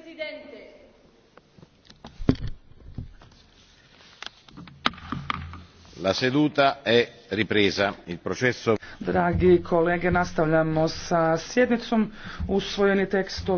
presidente la seduta è ripresa il processo dragi kolege nastavljamo sa sjednicom usvojeni tekstovi